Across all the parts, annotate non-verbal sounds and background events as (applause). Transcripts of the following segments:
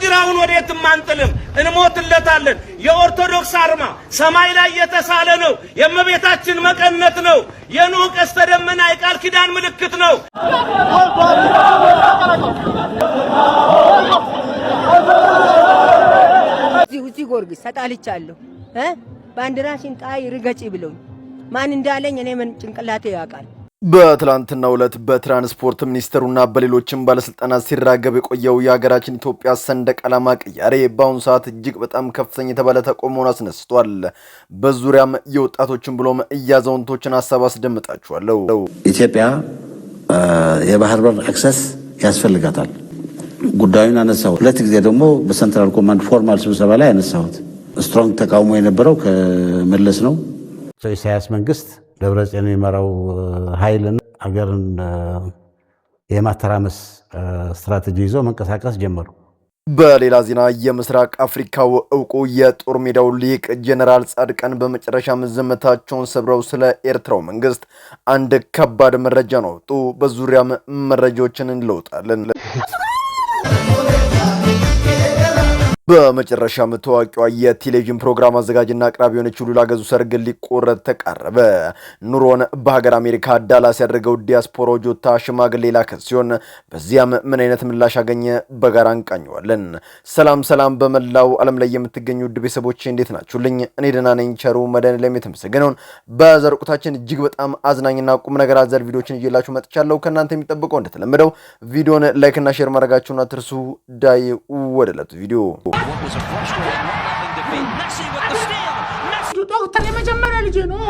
ባንዲራውን ወዴትም አንጥልም፣ እንሞትለታለን። የኦርቶዶክስ አርማ ሰማይ ላይ የተሳለ ነው። የእመቤታችን መቀነት ነው። የኖህ ቀስተ ደመና የቃል ኪዳን ምልክት ነው። እዚህ ጊዮርጊስ ተጣልቻለሁ። ባንዲራ ሲንጣይ ርገጪ ብለውኝ ማን እንዳለኝ እኔ ምን ጭንቅላቴ ያውቃል። በትላንትናው ዕለት በትራንስፖርት ሚኒስትሩና በሌሎችም ባለስልጣናት ሲራገብ የቆየው የሀገራችን ኢትዮጵያ ሰንደቅ ዓላማ ቅያሬ በአሁኑ ሰዓት እጅግ በጣም ከፍተኛ የተባለ ተቃውሞን አስነስቷል። በዙሪያም የወጣቶችን ብሎም እያዛውንቶችን ሀሳብ አስደምጣችኋለሁ። ኢትዮጵያ የባህር በር አክሰስ ያስፈልጋታል። ጉዳዩን አነሳሁት። ሁለት ጊዜ ደግሞ በሰንትራል ኮማንድ ፎርማል ስብሰባ ላይ አነሳሁት። ስትሮንግ ተቃውሞ የነበረው ከመለስ ነው። ኢሳያስ መንግስት ደብረጽዮን የሚመራው ኃይልን አገርን የማተራመስ ስትራቴጂ ይዞ መንቀሳቀስ ጀመሩ። በሌላ ዜና የምስራቅ አፍሪካው እውቁ የጦር ሜዳው ሊቅ ጄኔራል ጻድቃን በመጨረሻም ዝምታቸውን ሰብረው ስለ ኤርትራው መንግስት አንድ ከባድ መረጃ ነው ወጡ። በዙሪያም መረጃዎችን እንለውጣለን። በመጨረሻም ታዋቂዋ የቴሌቪዥን ፕሮግራም አዘጋጅና አቅራቢ የሆነችው ሉላ ገዙ ሰርግ ሊቆረጥ ተቃረበ። ኑሮን በሀገር አሜሪካ ዳላስ ያደረገው ዲያስፖራ ጆታ ሽማግሌ ላከ ሲሆን በዚያም ምን አይነት ምላሽ አገኘ? በጋራ እንቃኘዋለን። ሰላም ሰላም፣ በመላው ዓለም ላይ የምትገኙ ውድ ቤተሰቦች እንዴት ናችሁልኝ? እኔ ደህና ነኝ። ቸሩ መድኃኔዓለም የተመሰገነውን። በዘርቁታችን እጅግ በጣም አዝናኝና ቁም ነገር አዘል ቪዲዮችን እየላችሁ መጥቻለሁ። ከእናንተ የሚጠብቀው እንደተለመደው ቪዲዮን ላይክና ሼር ማድረጋችሁን አትርሱ። ዳይ ወደ ዕለቱ ቪዲዮ ዶክተር የመጀመሪያ ልጄ ነው።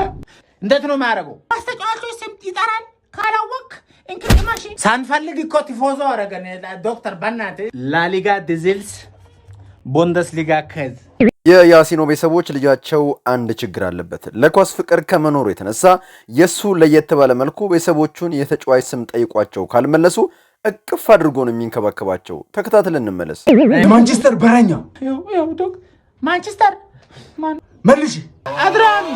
እንዴት ነው የሚያደርገው? ማስተጫዋቾች ስም ይጠራል ካላወቅ እንክልማሽ ሳንፈልግ እኮ ቲፎዞ አረገን። ዶክተር በናት ላሊጋ ድዝልስ ቡንደስሊጋ ከዝ የያሲኖ ቤተሰቦች ልጃቸው አንድ ችግር አለበት። ለኳስ ፍቅር ከመኖሩ የተነሳ የእሱ ለየት ባለ መልኩ ቤተሰቦቹን የተጫዋች ስም ጠይቋቸው ካልመለሱ እቅፍ አድርጎ ነው የሚንከባከባቸው። ተከታትለን እንመለስ። ማንቸስተር በረኛ ማንቸስተር መልሽ አድራሚ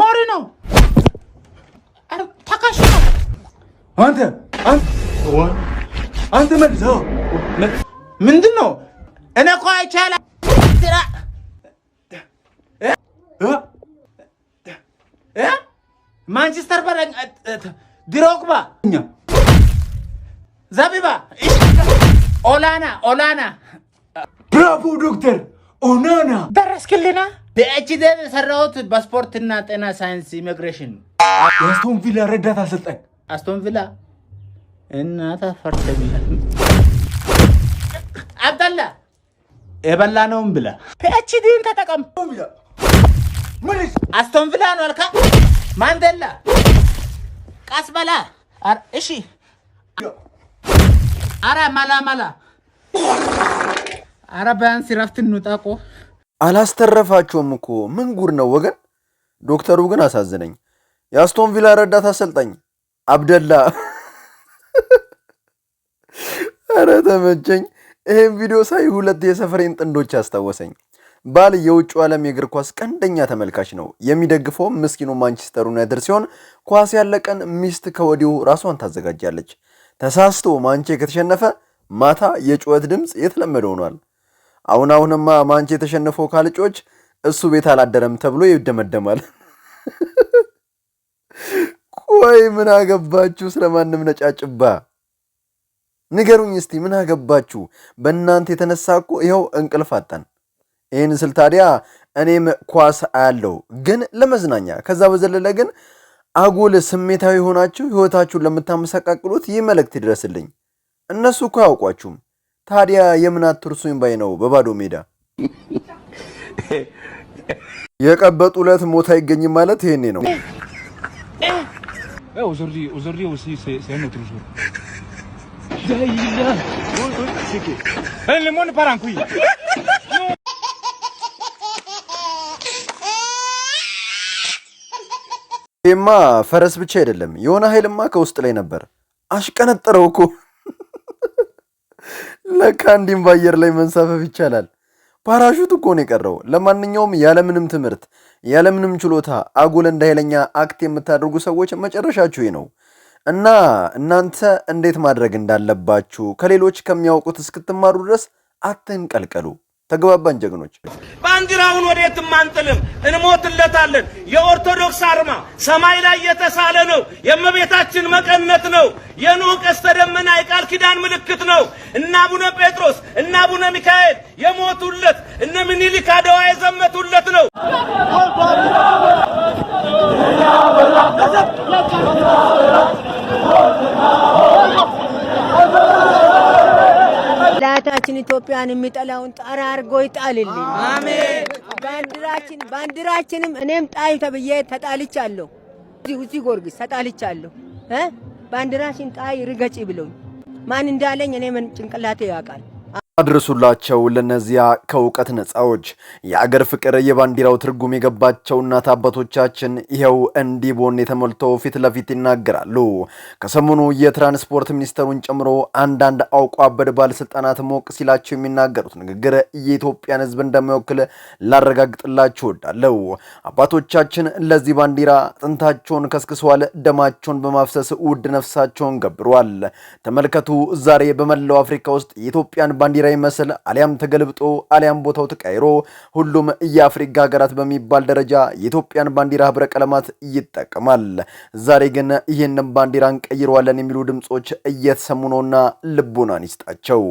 ሞሪ ነው ተካሽ ነው አንተ አንተ መልስ ምንድን ነው? እኔ እኮ አይቻለ ማንቸስተር በረኛ ድሮግባ ዘቢባ ኦላና ኦላና ብራቮ ዶክተር ኦናና ደረስክልና። በኤችዲ የሰራሁት በስፖርትና ጤና ሳይንስ ኢሚግሬሽን የአስቶን ቪላ ረዳት አሰልጣኝ አስቶን ቪላ እና ተፈርተኛ አብዳላ የበላ ነውም ብላ ፒኤችዲን ተጠቀም። አስቶን ቪላ ነው አልካ። ማንዴላ ቀስ በላ እሺ አረ ማላ ማላ አረ ቢያንስ እረፍት እንውጣ። ቆ አላስተረፋቸውም እኮ ምን ጉድ ነው ወገን። ዶክተሩ ግን አሳዝነኝ። የአስቶን ቪላ ረዳት አሰልጣኝ አብደላ አረ ተመቸኝ። ይህም ቪዲዮ ሳይ ሁለት የሰፈሬን ጥንዶች አስታወሰኝ። ባል የውጭው ዓለም የእግር ኳስ ቀንደኛ ተመልካች ነው። የሚደግፈውም ምስኪኑ ማንቸስተር ዩናይትድ ሲሆን ኳስ ያለቀን ሚስት ከወዲሁ ራሷን ታዘጋጃለች። ተሳስቶ ማንቼ ከተሸነፈ ማታ የጩኸት ድምፅ የተለመደ ሆኗል። አሁን አሁንማ ማንቼ የተሸነፈው ካልጮች እሱ ቤት አላደረም ተብሎ ይደመደማል። (laughs) ቆይ ምን አገባችሁ? ስለማንም ነጫጭባ ንገሩኝ እስቲ ምን አገባችሁ? በእናንተ የተነሳ እኮ ይኸው እንቅልፍ አጣን። ይህን ስል ታዲያ እኔም ኳስ አያለው ግን ለመዝናኛ ከዛ በዘለለ ግን አጉል ስሜታዊ ሆናችሁ ህይወታችሁን ለምታመሰቃቅሉት ይህ መልእክት ይድረስልኝ። እነሱ እኮ አያውቋችሁም። ታዲያ የምን አትርሱኝ ባይ ነው በባዶ ሜዳ ዕለት ሞት አይገኝም ማለት ይሄኔ ነው። ይሄማ ፈረስ ብቻ አይደለም፣ የሆነ ኃይልማ ከውስጥ ላይ ነበር። አሽቀነጠረው እኮ። ለካ እንዲህም በአየር ላይ መንሳፈፍ ይቻላል። ፓራሹት እኮ ነው የቀረው። ለማንኛውም ያለምንም ትምህርት ያለምንም ችሎታ አጉል እንደ ኃይለኛ አክት የምታደርጉ ሰዎች መጨረሻችሁ ነው እና እናንተ እንዴት ማድረግ እንዳለባችሁ ከሌሎች ከሚያውቁት እስክትማሩ ድረስ አትንቀልቀሉ። ተግባባን ጀግኖች። ባንዲራውን ወዴትም አንጥልም፣ እንሞትለታለን። የኦርቶዶክስ አርማ ሰማይ ላይ የተሳለ ነው። የእመቤታችን መቀነት ነው። የኖህ ቀስተ ደመና የቃል ኪዳን ምልክት ነው። እነ አቡነ ጴጥሮስ እነ አቡነ ሚካኤል የሞቱለት፣ እነ ምኒልክ አድዋ የዘመቱለት ነው። ኢትዮጵያን የሚጠላውን ጣራ አርጎ ይጣልልኝ። ባንዲራችን ባንዲራችንም እኔም ጣይ ተብዬ ተጣልቻለሁ። እዚህ እዚህ ጎርግስ ተጣልቻለሁ። ባንዲራችን ጣይ ርገጪ ብለውኝ ማን እንዳለኝ እኔ ጭንቅላቴ ያውቃል። አድርሱላቸው ለነዚያ ከእውቀት ነፃዎች የአገር ፍቅር የባንዲራው ትርጉም የገባቸው እናት አባቶቻችን ይኸው እንዲህ ቦን የተሞልተው ፊት ለፊት ይናገራሉ። ከሰሞኑ የትራንስፖርት ሚኒስተሩን ጨምሮ አንዳንድ አውቆ አበድ ባለስልጣናት ሞቅ ሲላቸው የሚናገሩት ንግግር የኢትዮጵያን ሕዝብ እንደማይወክል ላረጋግጥላችሁ እወዳለሁ። አባቶቻችን ለዚህ ባንዲራ አጥንታቸውን ከስክሰዋል፣ ደማቸውን በማፍሰስ ውድ ነፍሳቸውን ገብረዋል። ተመልከቱ ዛሬ በመላው አፍሪካ ውስጥ የኢትዮጵያን ባንዲራ ይመስል አሊያም ተገልብጦ አሊያም ቦታው ተቀይሮ ሁሉም የአፍሪካ ሀገራት በሚባል ደረጃ የኢትዮጵያን ባንዲራ ህብረ ቀለማት ይጠቀማል። ዛሬ ግን ይህንን ባንዲራ እንቀይረዋለን የሚሉ ድምፆች እየተሰሙ ነውና ልቡናን ይስጣቸው።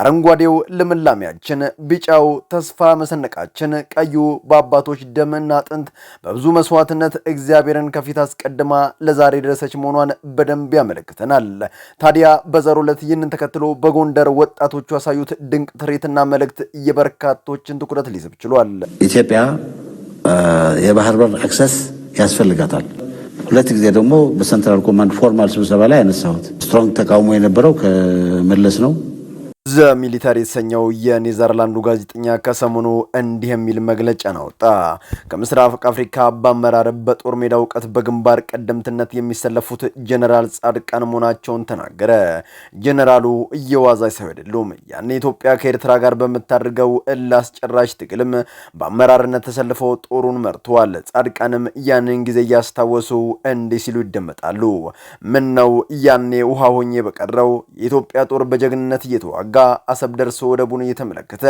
አረንጓዴው ልምላሜያችን፣ ቢጫው ተስፋ መሰነቃችን፣ ቀዩ በአባቶች ደምና አጥንት በብዙ መስዋዕትነት እግዚአብሔርን ከፊት አስቀድማ ለዛሬ ደረሰች መሆኗን በደንብ ያመለክተናል። ታዲያ በዘሮ ዕለት ይህንን ተከትሎ በጎንደር ወጣቶቹ ያሳዩት ድንቅ ትርኢትና መልእክት የበርካቶችን ትኩረት ሊስብ ችሏል። ኢትዮጵያ የባህር በር አክሰስ ያስፈልጋታል። ሁለት ጊዜ ደግሞ በሰንትራል ኮማንድ ፎርማል ስብሰባ ላይ ያነሳሁት ስትሮንግ ተቃውሞ የነበረው ከመለስ ነው። ዘ ሚሊተሪ የተሰኘው የኔዘርላንዱ ጋዜጠኛ ከሰሞኑ እንዲህ የሚል መግለጫን አወጣ። ከምስራቅ አፍሪካ በአመራር በጦር ሜዳ እውቀት በግንባር ቀደምትነት የሚሰለፉት ጀኔራል ጻድቃን መሆናቸውን ተናገረ። ጀኔራሉ እየዋዛ ሰው አይደሉም። ያን ኢትዮጵያ ከኤርትራ ጋር በምታደርገው እልህ አስጨራሽ ትግልም በአመራርነት ተሰልፈው ጦሩን መርተዋል። ጻድቃንም ያንን ጊዜ እያስታወሱ እንዲህ ሲሉ ይደመጣሉ። ምን ነው ያኔ ውሃ ሆኜ በቀረው የኢትዮጵያ ጦር በጀግንነት እየተዋጋ አሰብ ደርሶ ወደቡን እየተመለከተ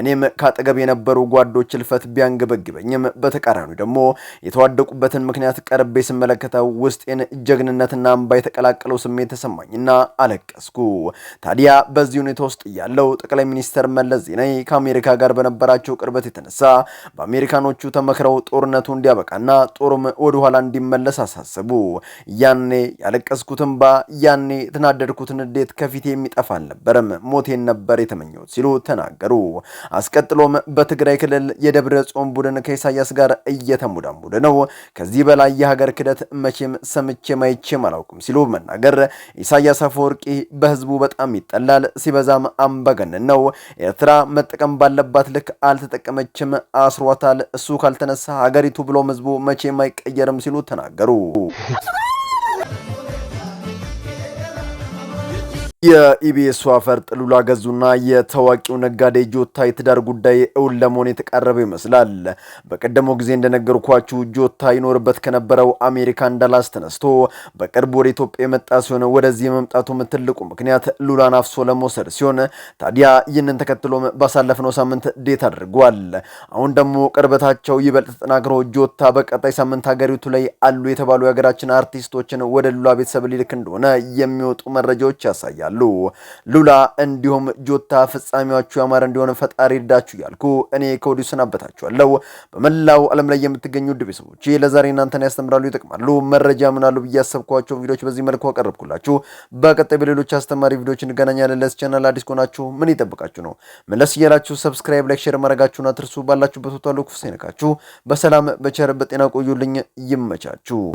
እኔም ካጠገብ የነበሩ ጓዶች እልፈት ቢያንገበግበኝም በተቃራኒ ደግሞ የተዋደቁበትን ምክንያት ቀርቤ ስመለከተው ውስጤን ጀግንነትና እምባ የተቀላቀለው ስሜት ተሰማኝና አለቀስኩ። ታዲያ በዚህ ሁኔታ ውስጥ እያለው ጠቅላይ ሚኒስተር መለስ ዜናዊ ከአሜሪካ ጋር በነበራቸው ቅርበት የተነሳ በአሜሪካኖቹ ተመክረው ጦርነቱ እንዲያበቃና ጦሩም ወደኋላ እንዲመለስ አሳሰቡ። ያኔ ያለቀስኩት እምባ፣ ያኔ የተናደድኩት ንዴት ከፊቴ የሚጠፋ አልነበረም። ሞት ሞቴን ነበር የተመኘሁት ሲሉ ተናገሩ። አስቀጥሎም በትግራይ ክልል የደብረ ጽዮን ቡድን ከኢሳያስ ጋር እየተሙዳሙደ ነው። ከዚህ በላይ የሀገር ክደት መቼም ሰምቼም አይቼም አላውቅም ሲሉ መናገር ኢሳያስ አፈወርቂ በህዝቡ በጣም ይጠላል፣ ሲበዛም አምባገነን ነው። ኤርትራ መጠቀም ባለባት ልክ አልተጠቀመችም፣ አስሯታል። እሱ ካልተነሳ ሀገሪቱ ብሎም ህዝቡ መቼም አይቀየርም ሲሉ ተናገሩ። የኢቢኤሱ አፈርጥ ሉላ ገዙና የታዋቂው ነጋዴ ጆታ የትዳር ጉዳይ እውን ለመሆን የተቃረበ ይመስላል። በቀደመው ጊዜ እንደነገርኳችሁ ጆታ ይኖርበት ከነበረው አሜሪካን ዳላስ ተነስቶ በቅርብ ወደ ኢትዮጵያ የመጣ ሲሆን ወደዚህ የመምጣቱም ትልቁ ምክንያት ሉላን አፍሶ ለመውሰድ ሲሆን ታዲያ ይህንን ተከትሎም ባሳለፍነው ሳምንት ዴት አድርጓል። አሁን ደግሞ ቅርበታቸው ይበልጥ ተጠናክሮ ጆታ በቀጣይ ሳምንት ሀገሪቱ ላይ አሉ የተባሉ የሀገራችን አርቲስቶችን ወደ ሉላ ቤተሰብ ሊልክ እንደሆነ የሚወጡ መረጃዎች ያሳያል። ይገኛሉ። ሉላ እንዲሁም ጆታ ፍጻሜዎቹ ያማረ እንዲሆን ፈጣሪ ይርዳችሁ እያልኩ እኔ ከወዲሁ ሰናበታችኋለሁ። በመላው ዓለም ላይ የምትገኙ ውድ ቤተሰቦች ለዛሬ እናንተን ያስተምራሉ፣ ይጠቅማሉ፣ መረጃ ምናሉ ብዬ ያሰብኳቸውን ቪዲዮዎች በዚህ መልኩ አቀረብኩላችሁ። በቀጣይ በሌሎች አስተማሪ ቪዲዮዎች እንገናኛለን። ለዚህ ቻናል አዲስ ከሆናችሁ ምን ይጠብቃችሁ ነው? መለስ እያላችሁ ሰብስክራይብ፣ ላይክ፣ ሼር ማድረጋችሁን አትርሱ። ባላችሁበት ወታሉ ክፉ ሳይነካችሁ በሰላም በቸር በጤና ቆዩልኝ። ይመቻችሁ።